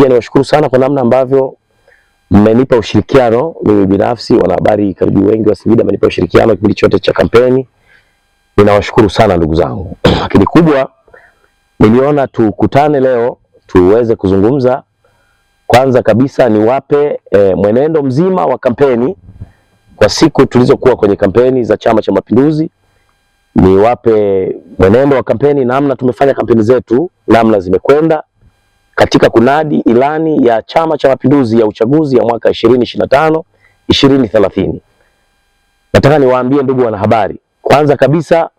pia niwashukuru sana kwa namna ambavyo mmenipa ushirikiano mimi binafsi, wanahabari karibu wengi wa Singida mmenipa ushirikiano kipindi chote cha kampeni. Ninawashukuru sana ndugu zangu. Lakini kubwa niliona tukutane leo tuweze kuzungumza. Kwanza kabisa niwape e, mwenendo mzima wa kampeni kwa siku tulizokuwa kwenye kampeni za Chama cha Mapinduzi. Niwape mwenendo wa kampeni, namna tumefanya kampeni zetu, namna zimekwenda katika kunadi ilani ya Chama cha Mapinduzi ya uchaguzi ya mwaka 2025 2030. Nataka niwaambie ndugu wanahabari, kwanza kabisa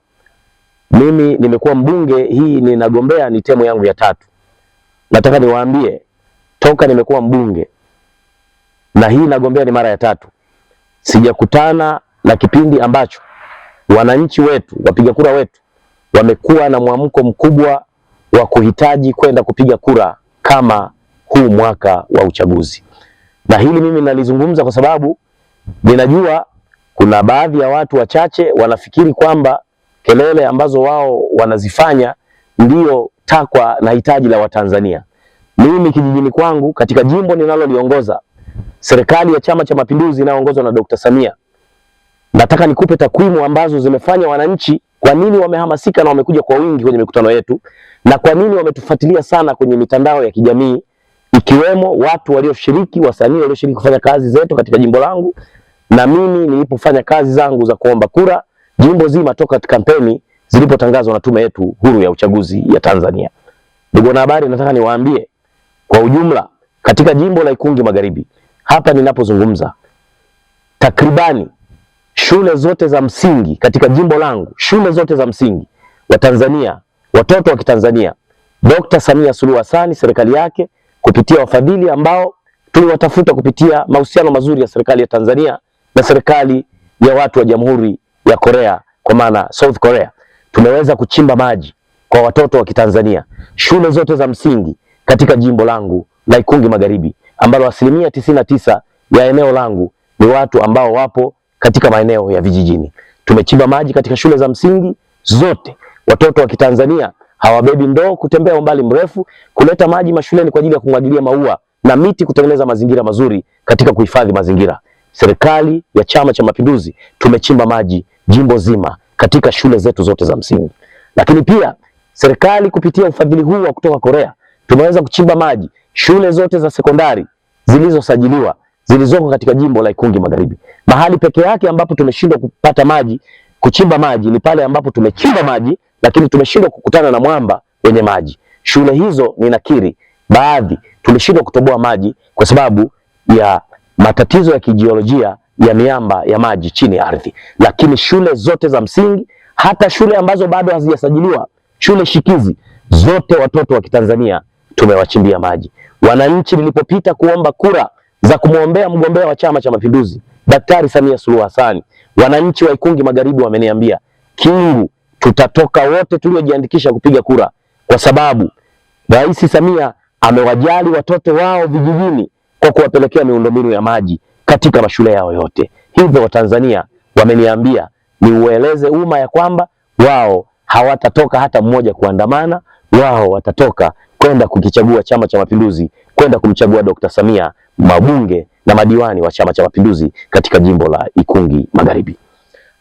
mimi nimekuwa mbunge, hii ninagombea ni temu yangu ya tatu. Nataka niwaambie toka nimekuwa mbunge na hii nagombea ni mara ya tatu, sijakutana na kipindi ambacho wananchi wetu wapiga kura wetu wamekuwa na mwamko mkubwa wa kuhitaji kwenda kupiga kura kama huu mwaka wa uchaguzi. Na hili mimi nalizungumza kwa sababu ninajua kuna baadhi ya watu wachache wanafikiri kwamba kelele ambazo wao wanazifanya ndio takwa na hitaji la Watanzania. Mimi kijijini kwangu katika jimbo ninaloliongoza, serikali ya Chama cha Mapinduzi inayoongozwa na Dr. Samia, nataka nikupe takwimu ambazo zimefanya wananchi kwa nini wamehamasika na wamekuja kwa wingi kwenye mikutano yetu, na kwa nini wametufuatilia sana kwenye mitandao ya kijamii, ikiwemo watu walioshiriki, wasanii walioshiriki kufanya kazi zetu katika jimbo langu, na mimi nilipofanya kazi zangu za kuomba kura jimbo zima toka kampeni zilipotangazwa na tume yetu huru ya uchaguzi ya Tanzania. Ndugu wanahabari, nataka niwaambie kwa ujumla, katika jimbo la Ikungi Magharibi hapa ninapozungumza takribani shule zote za msingi katika jimbo langu, shule zote za msingi wa tanzania watoto wa Kitanzania, Dr. Samia Suluhu Hassan serikali yake kupitia wafadhili ambao tuliwatafuta kupitia mahusiano mazuri ya serikali ya Tanzania na serikali ya watu wa Jamhuri ya Korea kwa maana South Korea, tumeweza kuchimba maji kwa watoto wa Kitanzania shule zote za msingi katika jimbo langu la Ikungi Magharibi ambalo asilimia tisini na tisa ya eneo langu ni watu ambao wapo katika maeneo ya vijijini. Tumechimba maji katika shule za msingi zote. Watoto wa Kitanzania hawabebi ndoo kutembea umbali mrefu kuleta maji mashuleni kwa ajili ya kumwagilia maua na miti, kutengeneza mazingira mazuri katika kuhifadhi mazingira. Serikali ya Chama cha Mapinduzi tumechimba maji jimbo zima katika shule zetu zote za msingi. Lakini pia serikali kupitia ufadhili huu wa kutoka Korea tumeweza kuchimba maji shule zote za sekondari zilizosajiliwa zilizoko katika jimbo la Ikungi Magharibi. Mahali peke yake ambapo tumeshindwa kupata maji, kuchimba maji ni pale ambapo tumechimba maji lakini tumeshindwa kukutana na mwamba wenye maji. Shule hizo ninakiri, baadhi tulishindwa kutoboa maji kwa sababu ya matatizo ya kijiolojia ya miamba ya maji chini ya ardhi, lakini shule zote za msingi, hata shule ambazo bado hazijasajiliwa, shule shikizi zote, watoto wa Kitanzania tumewachimbia maji. Wananchi nilipopita kuomba kura za kumwombea mgombea wa Chama cha Mapinduzi Daktari Samia Suluhu Hassan. Wananchi wa Ikungi Magharibi wameniambia Kingu, tutatoka wote tuliojiandikisha kupiga kura, kwa sababu Rais Samia amewajali watoto wao vijijini kwa kuwapelekea miundombinu ya maji katika mashule yao yote. Hivyo Watanzania wameniambia niueleze umma ya kwamba wao hawatatoka hata mmoja kuandamana, wao watatoka kwenda kukichagua Chama cha Mapinduzi, kwenda kumchagua Dr. Samia mabunge na madiwani wa Chama cha Mapinduzi katika jimbo la Ikungi Magharibi.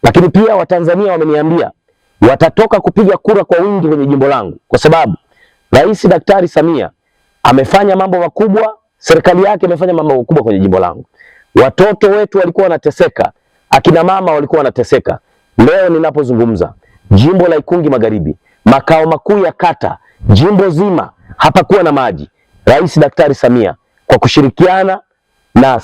Lakini pia Watanzania wameniambia watatoka kupiga kura kwa wingi kwenye jimbo langu kwa sababu Rais Daktari Samia amefanya mambo makubwa, serikali yake imefanya mambo makubwa kwenye jimbo langu. Watoto wetu walikuwa wanateseka, akina mama walikuwa wanateseka. Leo ninapozungumza, jimbo la Ikungi Magharibi, makao makuu ya kata, jimbo zima hapakuwa na maji. Rais Daktari Samia kwa kushirikiana na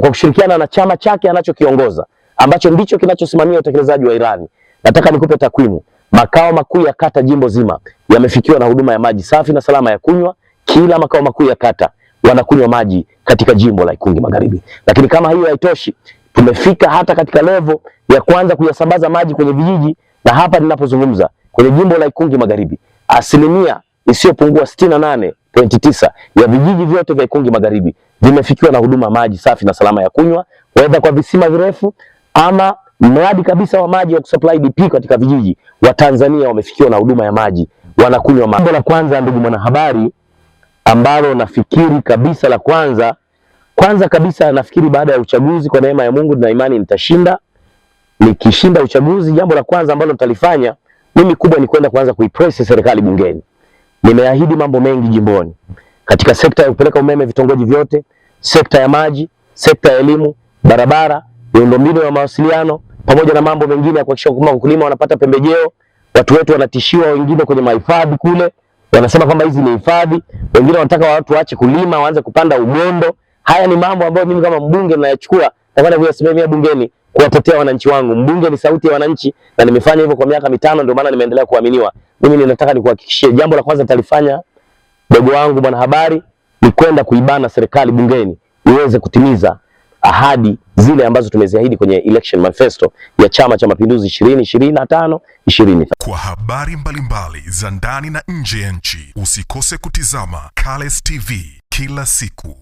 kwa kushirikiana na chama chake anachokiongoza ambacho ndicho kinachosimamia utekelezaji wa ilani. Nataka nikupe takwimu. Makao makuu ya kata jimbo zima yamefikiwa na huduma ya maji safi na salama ya kunywa. Kila makao makuu ya kata wanakunywa maji katika jimbo la Ikungi Magharibi. Lakini kama hiyo haitoshi, tumefika hata katika levo ya kwanza kuyasambaza maji kwenye vijiji, na hapa ninapozungumza kwenye jimbo la Ikungi Magharibi asilimia isiyopungua sitini na nane pointi tisa ya vijiji vyote vya Ikungi Magharibi vimefikiwa na huduma maji safi na salama ya kunywa, wedha kwa visima virefu ama mradi kabisa wa maji wa kusupply DP katika vijiji. Watanzania wamefikiwa na huduma ya maji, wanakunywa maji. Jambo la kwanza, ndugu mwanahabari, ambalo nafikiri kabisa la kwanza kwanza kabisa nafikiri baada ya uchaguzi, kwa neema ya Mungu na imani nitashinda. Nikishinda uchaguzi, jambo la kwanza ambalo nitalifanya mimi kubwa ni kwenda kuanza kuipress serikali bungeni. Nimeahidi mambo mengi jimboni katika sekta ya kupeleka umeme vitongoji vyote, sekta ya maji, sekta ya elimu, barabara, miundombinu ya mawasiliano, pamoja na mambo mengine ya kuhakikisha kwamba wakulima wanapata pembejeo. Watu wetu wanatishiwa, wengine kwenye mahifadhi kule wanasema kwamba hizi ni hifadhi, wengine wanataka watu waache kulima waanze kupanda ugondo. Haya ni mambo ambayo mimi kama mbunge nayachukua na kwenda kuyasimamia bungeni kuwatetea wananchi wangu. Mbunge ni sauti ya wananchi na nimefanya hivyo kwa miaka mitano, ndio maana nimeendelea kuaminiwa. Mimi ninataka nikuhakikishie jambo la kwanza nitalifanya, dogo wangu mwanahabari, ni kwenda kuibana serikali bungeni iweze kutimiza ahadi zile ambazo tumeziahidi kwenye election manifesto ya Chama cha Mapinduzi 2025 20. Kwa habari mbalimbali za ndani na nje ya nchi, usikose kutizama Cales TV kila siku.